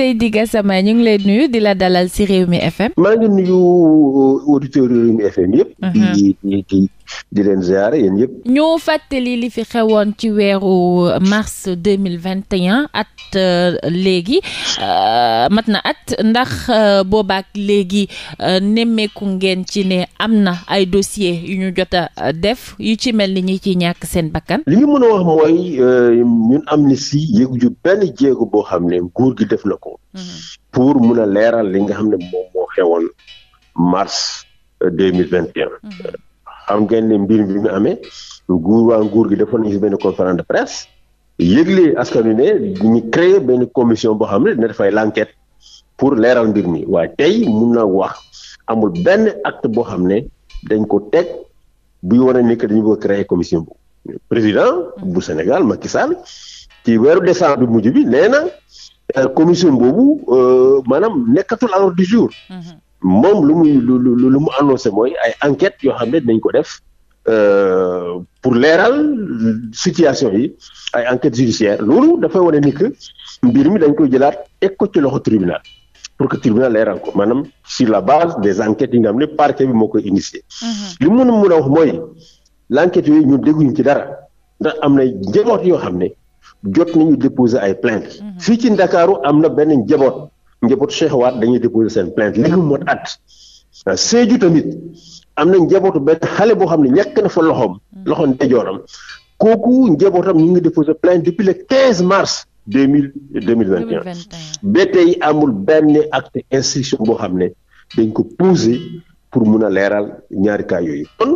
Seydi Gassama ñu ngi lay nuyu di la dalal ci Rewmi FM. maa ngi nuyu euh, auditeurs Rewmi FM yëpp. Mhm. di leen ziare yéen yëpp. ñu fàttali li fi xewoon ci weeru euh, mars deux mille vingt et un at euh, léegi euh, mat na at ndax boobaak léegi nemmeeku ngeen ci ne am na ay dossiers yu ñu jot a def yu ci mel ni ñi ci ñàkk seen bakkan. li ñu mën a wax mooy ñun am na si yéegu ju benn jéego boo xam ne nguur gi def na ko. Mm-hmm. pour mun a leeral li nga xam ne moom moo xewoon mars deux mille vingt et xam ngeen ne mbir bi mu amee nguur waa nguur gi defoon nañu si benn conférence de presse yëgle askan wi ne ñu créé benn commission boo xam ne dina dafay l'enquête pour leeral mbir mi waaye tey mun na wax amul benn acte boo xam ne dañ ko teg buy wane ni que dañu bëgg créer commission bu président bu Sénégal Macky Sall ci weeru décembre bi mujj bi nee na euh, commission boobu euh, maanaam nekkatul à du jour. Mm-hmm. moom lu muy lu lu mu annoncé mooy ay enquêtes yoo xam ne dañ ko def euh, pour leeral situation yi ay enquêtes judiciaires loolu dafa wane ni que mbir mi dañ koy jëlaat teg ko ci loxo tribunal pour que tribunal leeral ko maanaam sur la base des enquêtes yi nga xam ne parquet bi moo koy initier. Mm-hmm. li mu mën a mën a wax mooy l' enquête yooyu ñun dégguñu ci dara ndax am na njaboot yoo xam ne jot nañu déposer ay plainte mm-hmm. fii ci Ndakaaru am na benn njaboot. njabootu Cheikh Wade dañuy déposer seen plainte léegi mu mot at. Euh, Sédhiou tamit am na njabootu benn xale boo xam ne ñàkk na fa loxoom. Mm. loxoom ndeyjooram kooku njabootam ñu ngi déposer plainte depuis le 15 mars. deux mille deux mille vingt et tey amul benn acte instruction boo xam ne dañ ko poser pour mun a leeral ñaari cas yooyu kon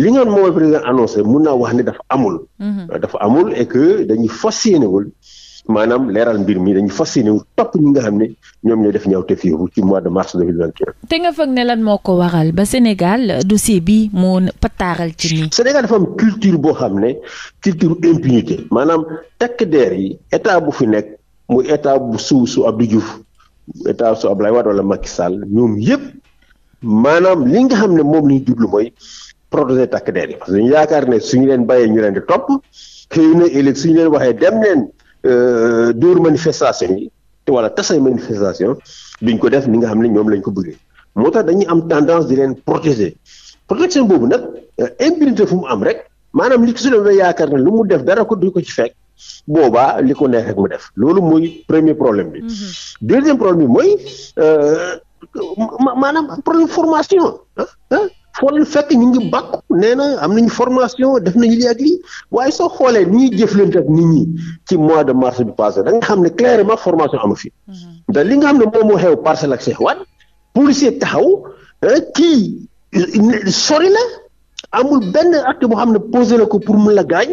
li nga moom mooy président annoncé mun naa wax ni dafa amul. Mm-hmm. Euh, dafa amul et dañuy fas maanaam leeral mbir mi dañu fas yéene topp ñi nga xam ne ñoom ñoo def te ñaawteef yooyu ci mois de mars 2021. te nga foog ne lan moo ko waral ba Sénégal dossier bi moo pataaral ci nii. Sénégal dafa am culture boo xam ne culture impunité maanaam takk deer yi état bu fi nekk mu état bu suuf su Abdou Diouf état su Abdoulaye Wade wala Macky Sall ñoom yëpp maanaam li nga xam ne moom la ñu jublu mooy protéger takk deer yi parce que ñu yaakaar ne ñu leen bàyyee ñu leen di topp xëy na leen waxee dem leen. Euh, dóor manifestation yi wala tasay manifestation duñ ko def ni nga xam ne ñoom lañ ko bëggee moo tax dañuy am tendance di leen protéger protection boobu nag euh, impunité fu mu am rek maanaam li ko si doon yaakaar ne lu mu def dara ko du ko ci fekk boobaa li ko neex rek mu def loolu mooy premier problème bi. Mhm. deuxième problème bi mooy euh, maanaam problème formation ah, ah. foo leen fekk ñu ngi bàkku nee na am nañu formation def nañu lii ak lii waaye soo xoolee ni ñuy jëflante ak nit ñi ci mois de mars bi passé da nga xam ne clairement formation amu fi. da mhm. li nga xam ne moom moo xew Parcelles ak Cheikh Wade policier taxaw eh, kii eh, sori la amul benn acte boo xam ne posé la ko pour mun la gaañ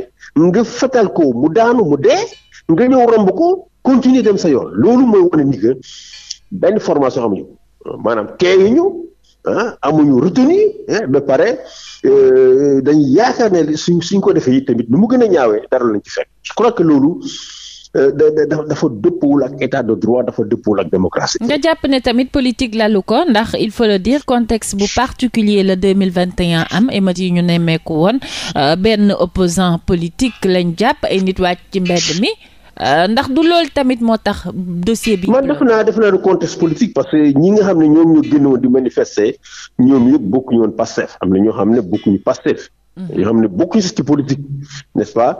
nga fetal ko mu daanu mu dee nga ñëw romb ko continuer dem sa yoon loolu mooy wane ni que benn formation amuñu maanaam teeyuñu. ah amuñu retenue ba pare euh, dañ yaakaar ne suñ suñ ko defee tamit nu mu gën a ñaawee dara lañ ci fekk je crois que loolu. Euh, dafa wul ak état de droit dafa dëppwul ak démocratie. nga jàpp ne tamit politique lalu ko ndax il faut le dire contexte bu particulier la 2021 am émeute yu ñu nemmeeku woon euh, benn opposant politique lañ jàpp ay nit wàcc ci mbedd mi Euh, ndax du loolu tamit moo tax dossier bi. man def naa def naa du contexte politique. parce que ñi nga xam ne ñoom ñoo génnoon di manifester ñoom yëpp bokkuñu woon Pastef am na ñoo xam ne bokkuñu Pastef. yoo mhm. xam ne bokkuñu ci politique n'est-ce pas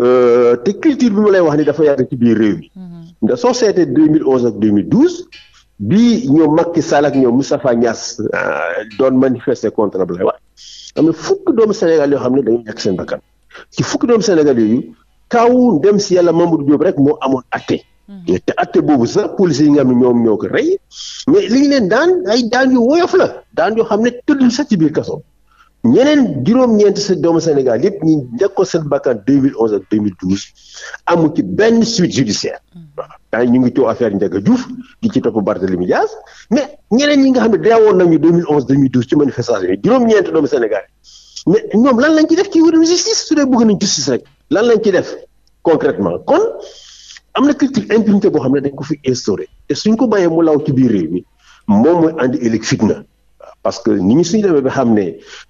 euh, te culture bi ma lay wax ni dafa yàgg ci biir réew mi. Mhm. ndax soo seetee 2011 ak 2012. bi ñoom Macky Sall ak ñoom Moustapha Niass euh, doon manifester contre bi lay Wade am na fukki doomu Sénégal yoo xam ne dañoo ñàkk seen bakkan ci fukk doomu Sénégal yooyu kaaw dem si yàlla Mamadou Diop rek moo amoon atte hmm. te atte boobu sax police yi nga xam ne ñoom ñoo ko rey mais li ñu leen daan ay daan yu woyof la daan yoo xam ne tëddul sax ci biir kaso ñeneen juróom-ñeent sa doomu Sénégal yëpp ñu njëkkoon seen bakkan 2011 ak 2012 amu ci benn suite judiciaire hmm. waaw ñu ngi coow affaire Ndiaga Diouf di ci topp Barthélémy Dias mais ñeneen ñi nga xam ne deewoon nañu 2011 2012 ci manifestation yi juróom-ñeent ñoom lan ci def ci wàllum justice su dee bëgg nañ justice rek. lan lañ ci def concrètement kon am na culture impunité boo xam ne dañ ko fi instauré te suñ ko bàyyee mu law ci biir réew mi moom mooy andi ëllëg fitna parce que nit ñi suñu demee ba xam ne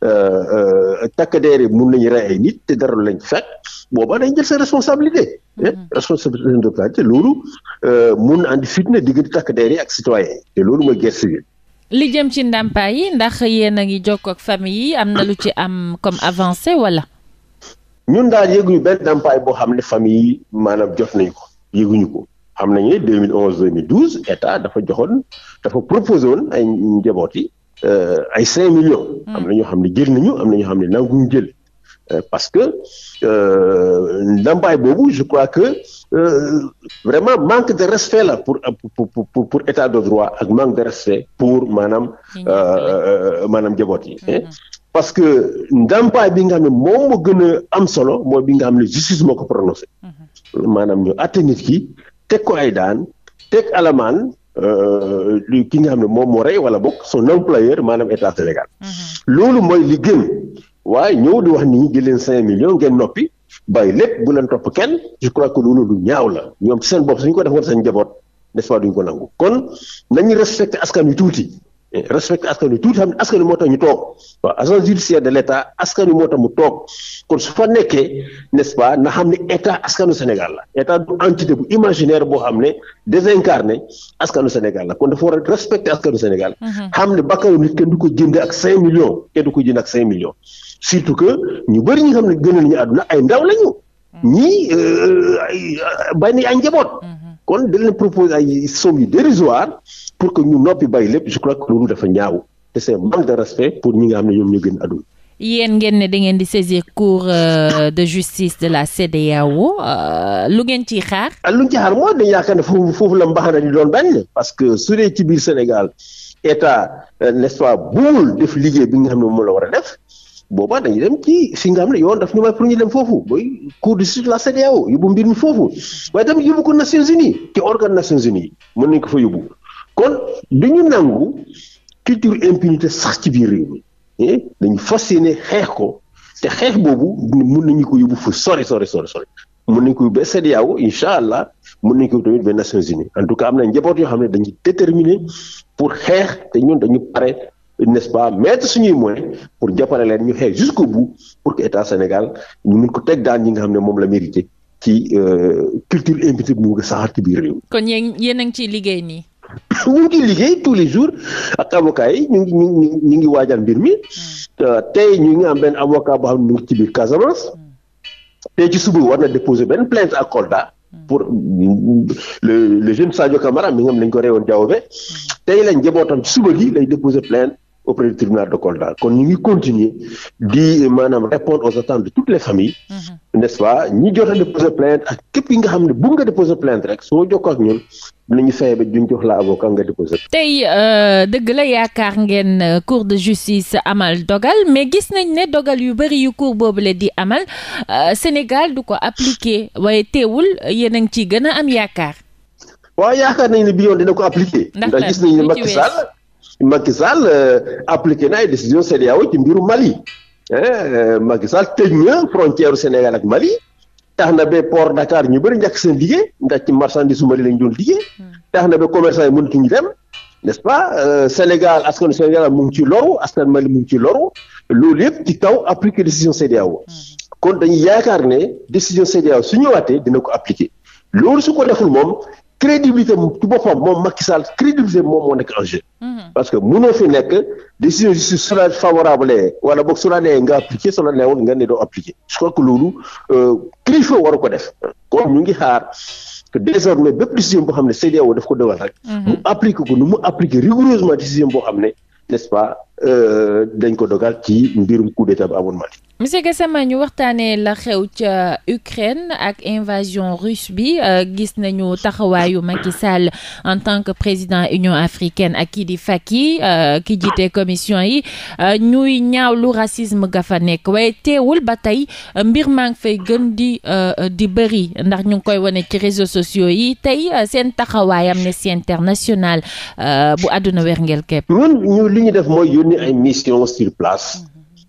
euh, euh, takk deere mun nañu rey ay nit te dara lañ fekk booba dañ jël sa responsabilité. Eh, mm-hmm. responsabilité loolu euh, mun na andi fitna diggante takk deere yi ak citoyen te loolu mooy guerre civile. li jëm ci ndàmpaay yi ndax yéen a ngi jokkoo ak famille yi am na lu ci am comme avancé wala. ñun daal yëguñu benn ndàmpaay boo xam ne famille yi maanaam jot nañ ko yëguñu ko xam nañ ne 2011 2012 état dafa joxoon dafa proposé woon ay njaboot yi euh, ay 5 millions. Mm. am na ñoo xam ne jël nañu am na ñoo xam ne nanguñu jël. Euh, parce que euh, ndàmpaay boobu je crois que vraiment manque de respect la pour pour pour pour état de droit ak manque de respect pour maanaam maanaam njaboot yi. Mm-hmm. Eh? parce que ndàmpaay bi nga xam ne moom moo gën a am solo mooy bi nga xam ne justice moo ko prononcé. Mhm. maanaam ñu àtte nit ki teg ko ay daan teg alamaan euh, lu ki nga xam ne moom moo rey wala bokk son employeur maanaam état Sénégal. Mhm. loolu mooy li gën waaye ñëw di wax nit ñi jël leen cinq millions ngeen noppi bàyyi lépp bu leen topp kenn je que loolu lu ñaaw la ñoom ci seen bopp suñ ko defoon seen njaboot n'est-ce pas duñ ko nangu kon nañu respecté askan wi tuuti. respecté askan wi tuuti xam ne askan wi moo tax ñu toog waaw moo tax mu toog kon su fa nekkee n' est pas na xam ne état askanu Sénégal la état du entité bu imaginaire boo xam ne désincarné askanu Sénégal la kon dafa war a respecté askanu Sénégal. Mhm. xam ne bakkanu nit kenn du ko jënd ak 5 millions kenn du ko jënd ak 5 millions surtout que ñu bëri ñi xam ne gënal ñu àdduna ay ndaw lañu. Mhm. ñii euh, bàyyi nañu ay njaboot. Mhm. kon dañ leen proposer ay somme yu dérisoire pour que ñu noppi bay lépp je crois que loolu dafa ñaaw te c'est manque de respect pour ñi nga xam ne ñoom ñoo gën aduna yéen ngeen ne da ngeen di saisir cour euh, de justice de la CEDEAO euh, lu ngeen ciy xaar. Ah, lu ñu ci xaar mooy dañu yaakaar ne foofu foofu la mbaxana di doon benn parce que su dee ci biir Sénégal état euh, n'est-ce pas def liggéey bi nga xam ne moom la war a def boobaa dañu dem ci fi nga xam ne yoon daf ñu may pour ñu dem foofu mooy cour de justice la CEDEAO yóbbu mbir mi foofu waaye tamit yóbbu ko Nations Unies ci organe Nations Unies mën nañ ko fa yóbbu kon du ñu nangu culture impunité sax ci biir réew mi eh, dañu fas yéene xeex ko te xeex boobu mën nañu ko yóbbu fu sori sori sori sori mën nañu ko yóbbu ba CEDEAO incha allah mun nañ ko yóbbu tamit ba Nations Unies en tout cas am na njaboot yoo xam ne dañuy déterminé pour xeex te ñun dañu pare. n'est-ce pas mettre suñuy moyens pour jàppale leen ñu xee jusqu'au bout pour que état Sénégal ñu mun ko teg daan ñi nga xam ne moom la mérité ci euh, culture imputé bu mu nga saxaar ci biir kon yéen a ngi ciy liggéey nii. ñu ngi liggéey tous les jours ak avocats yi ñu ngi ñu ngi waajal mbir mi hmm. euh, tey ñu ngi am benn avocat boo xam ne mu ngi ci biir Casamance hmm. tey ci suba war na déposer benn plainte à Kolda hmm. pour le le jeune Sadio Camara mi nga xam ne dañu ko réewoon Diaobé tey lañ njabootam ci suba gi lay déposer plainte auprès du tribunal de Kolda kon ñu ngi continuer di maanaam répondre aux attentes de toutes les familles mhm. nest pas ñi jot a déposer plainte ak képp ki nga xam ne bëgg nga déposer plainte rek soo jokkoo ak ñun dinañu fexe ba duñ jox la avocat nga déposer tey euh, dëgg la yaakaar ngeen euh, cour de justice amal dogal mais gis nañ ne dogal yu bëri yu cour boobu la di amal euh, Sénégal du ko appliquer waaye teewul yéen a ngi ciy gën a am yaakaar waa yaakaar nañ ne bi yoon dina ko appliquer ndax Macky Sall euh, appliqué na ay décision CEDEAO ci mbiru Mali eh, Macky Sall tëj na frontière Sénégal ak Mali tax na ba port Dakar ñu bëri ñàkk seen liggéey ndax ci marchandise su Mali lañ doon liggéey hmm. tax na ba commerçant yi mënatuñu dem n'est-ce pas euh, Sénégal askan Sénégal mu ngi ci loru askan Mali mu ci loru loolu yëpp ci kaw appliqué décision CEDEAO hmm. kon dañuy yaakaar ne décision CEDEAO su ñëwaatee dina ko appliqué loolu su ko deful moom crédibilité ci boppam moom Macky Sall crédibilité moom moo nekk en mhm. parce que mënoo fi nekk décision justice su la favorable wala boog su nee nga appliqué su la neewul nga ne appliqué je crois que loolu euh, kilifa waru ko def kon ñu ngi xaar. que désormais bépp décision boo xam ne CEDEAO daf ko dogal rek. Mhm. mu appliqué ko nu mu appliqué rigoureusement décision boo xam ne n'est-ce pas. Euh, dañ ko dogal ci mbirum coup d'état bi amoon Mali. monsieur sama ñu waxtaanee la xew ca Ukraine ak invasion russe bi euh, gis nañu taxawaayu Macky Sall en tant que président Union africaine ak kii di Faki euh, ki jiite commission yi ñuy ñaaw lu racisme ga fa nekk waaye teewul ba tey mbir maa ngi fay gën di di bëri ndax ñu ngi koy wane ci réseaux sociaux yi tey seen taxawaay Amnesty International bu àdduna werngel képp. ñun ñu li ñu def mooy yónni ay mission sur place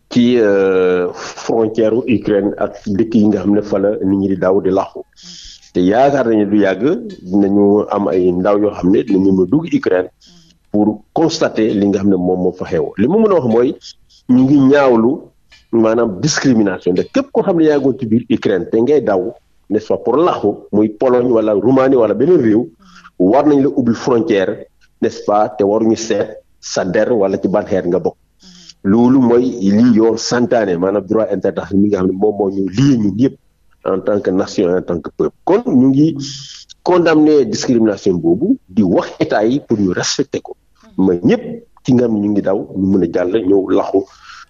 ci euh, frontière u Ukraine ak dëkk yi nga xam ne fala la nit di daaw di laxu te yaakaar nañu du yàgg dinañu am ay ndaw yoo xam ne dinañu ma dugg Ukraine pour constater li nga xam ne moom moo fa xew li mu mën a wax mooy ñu ngi ñaawlu maanaam discrimination de képp koo xam ne yàggoon ci biir Ukraine te ngay daw n'est-ce pas pour laxu muy Pologne wala Roumanie wala beneen réew war nañ la ubbi frontière nest pas te waruñu seet sa der wala ci ban nga bokk. Mhm. loolu mooy lii yoon santaane maanaam droit international mi nga xam ne moom moo ñu lii ñun yëpp en tant que nation en tant que peuple kon ñu ngi condamné discrimination boobu di wax état yi pour ñu respecté ko mhm. ma ñëpp ci nga xam ñu ngi daw ñu mën a jàll ñëw laxu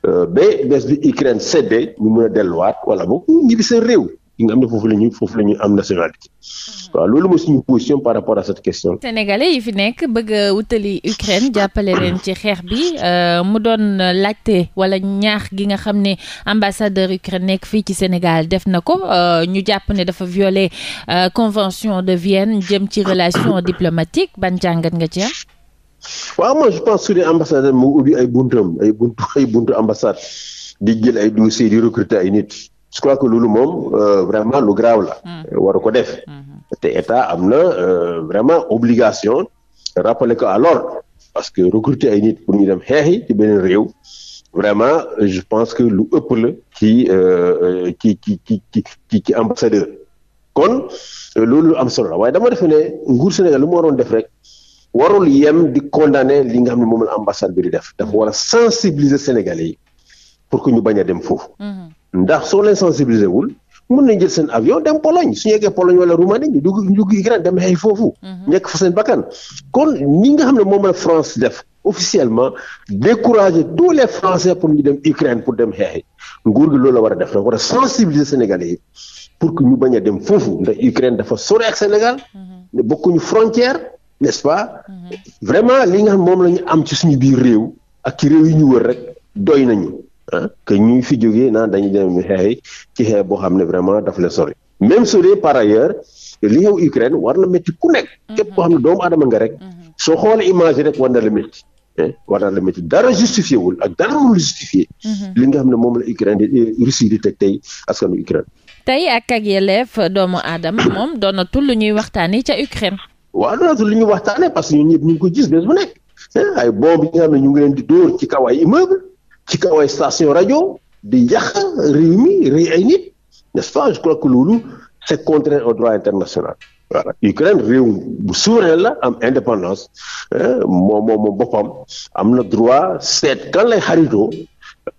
euh, ba bés bi Ukraine seddee ñu mën a delluwaat wala boog ñibbi seen réew. ki foofu la ñuy foofu la ñuy am nationalité. Mm-hmm. waaw loolu mooy suñu position par rapport à cette question. sénégalais yi fi nekk bëgg wutali Ukraine ah. jàppale leen ci xeex bi euh, mu doon laajte wala ñaax gi nga xam ne ambassadeur Ukraine nekk fii ci Sénégal def na ko euh, ñu jàpp ne dafa violer euh, convention de Vienne jëm ci relation diplomatique ban jàngat nga ci am. waaw moi je pense que ambassadeur mu ubbi ay buntam ay buntu ambassade di jël ay dossier di recruter ay nit. je crois que loolu moom euh, vraiment lu grave la. Mm. Euh, waru ko def. Mm-hmm. te état am na euh, vraiment obligation. rappeler que alors parce que recruter ay nit pour ñu dem xeexi ci beneen réew. vraiment je pense que lu ëpp la ci ci ci ci ci ci ambassadeur. kon loolu am solo la waaye dama defe ne nguur Sénégal lu ma waroon def rek. warul yem di condamner li nga xam ne moom la ambassade bi di def dafa war a sensibiliser sénégal yi pour que ñu bañ a dem foofu. Mm-hmm. ndax soo leen sensibiliser wul mun nañ jël seen avion dem Pologne su ñu yeggee Pologne wala Roumanie ñu dugg ñu dugg Ukraine dem xëy foofu. ñekk mhm. fa seen bakkan kon ni nga xam ne moom la France def officiellement décourager tous les Français pour ñu dem Ukraine pour dem xeexi nguur gi war a def dafa war a sensibiliser Sénégalais yi pour que ñu bañ a dem foofu ndax dafa sori ak Sénégal. Mhm. ne bokkuñu frontière n'est-ce mhm. vraiment li nga xam moom la ñu am ci suñu biir réew ak ci réew yi ñu wër rek doy nañu. ah que ñu fi jógee naan dañu dem xeexi ci xeex boo xam ne vraiment daf la sori même su dee par ailleurs li xew Ukraine war na métti ku nekk mm-hmm. képp koo xam ne doomu aadama nga rek mm-hmm. soo xoolee image rek eh, war na la métti dara justifié ak dara wul justifié mm-hmm. li nga xam ne moom la Ukraine di eh, Russie di teg tey askanu Ukraine tey ak ak yelleef doomu aadama moom doonatul lu ñuy waxtaanee ca Ukraine waaw doonatul lu ñuy waxtaanee parce que ñun ñëpp ñu ngi ko gis bés bu eh, ñu ngi di ci kaw ci kaw ay station rajo di yàq réew mi rëy ay nit n'est-ce pas je crois que loolu c'est contraire au droit international voilà Ukraine réew bu souverain la am indépendance moom moom moom boppam am na droit seet kan lay xaritoo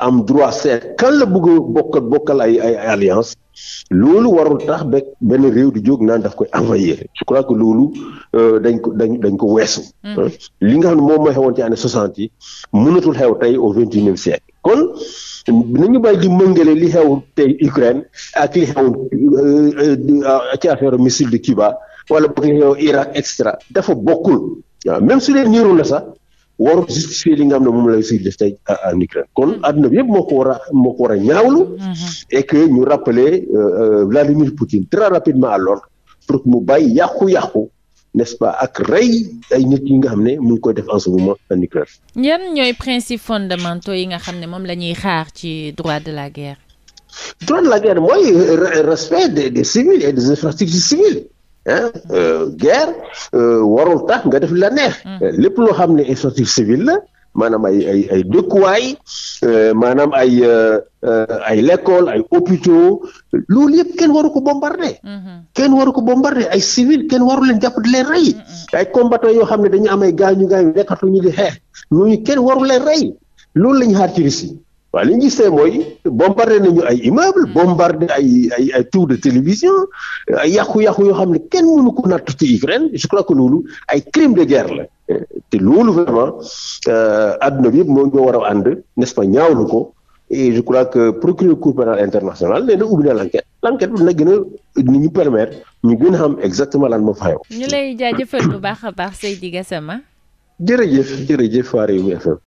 am droit seet kan la bëgg a bokkal bokkal ay ay alliance loolu warul tax ba benn réew di jóg naan daf koy envahir je crois que loolu euh, dañ ko dañ dañ ko weesu. Hmm. li nga xam ne moom mooy xewoon ci année soixante mënatul xew tey au vingt et unième siècle kon nañu bàyyi di mëngale li xew tey Ukraine ak li xew euh, euh, ci affaire missile de Cuba wala boog li xew Irak et cetera dafa bokkul waaw même su dee niiru la sax. warut justifier li nga xam ne moom la Russie def mm-hmm. yëpp moo ko war a moo a ñaawlu mm-hmm. ñu rappeler euh, euh, Vladimir Poutine très rapidement à l'ordre pour que mu bàyyi yàqu-yàqu n'est-ce pas ak nga xam ne mu ngi koy def en ce moment en Ukraine. yan ñooy principes yi nga xam ne moom la ñuy xaar ci droit de la guerre. droit de la guerre mooy euh, respect des des et des infrastructures civiles ah guerre euh, warul tax nga def la neex. Mm. Euh, lépp loo xam ne initiative civile la. maanaam ay ay ay dëkkuwaay maanaam ay ay l'école ay hôpitaux loolu yëpp kenn waru ko bombardé mm-hmm. kenn waru ko bombardé ay civil kenn waru leen jàpp di leen rey mm-hmm. ay combattants yoo xam ne dañu am ay gaañu gaañu ñu di xeex ñooñu kenn waru leen rey loolu la ñu xaar ci Russie waaw li ñu gis ne mooy bombardé nañu ay immeuble hmm. bombardé ay ay ay tours de télévision ay yàqu-yàqu yoo xam ne kenn mënu ko natt ci Ukraine je crois que loolu ay crime de guerre la te loolu vraiment euh, adduna bi yëpp moo ñoo war a ànd n'est-ce pas ñaawlu ko je crois que procureur cour pénal international nee na ubbi na l'enquête l'enquête bi gën a ni ñu permettre ñu gën a xam exactement lan moo fa xew. ñu lay jaajëfal bu baax a baax Seydi Gassama. jërëjëf jërëjëf waa Rewmi FM.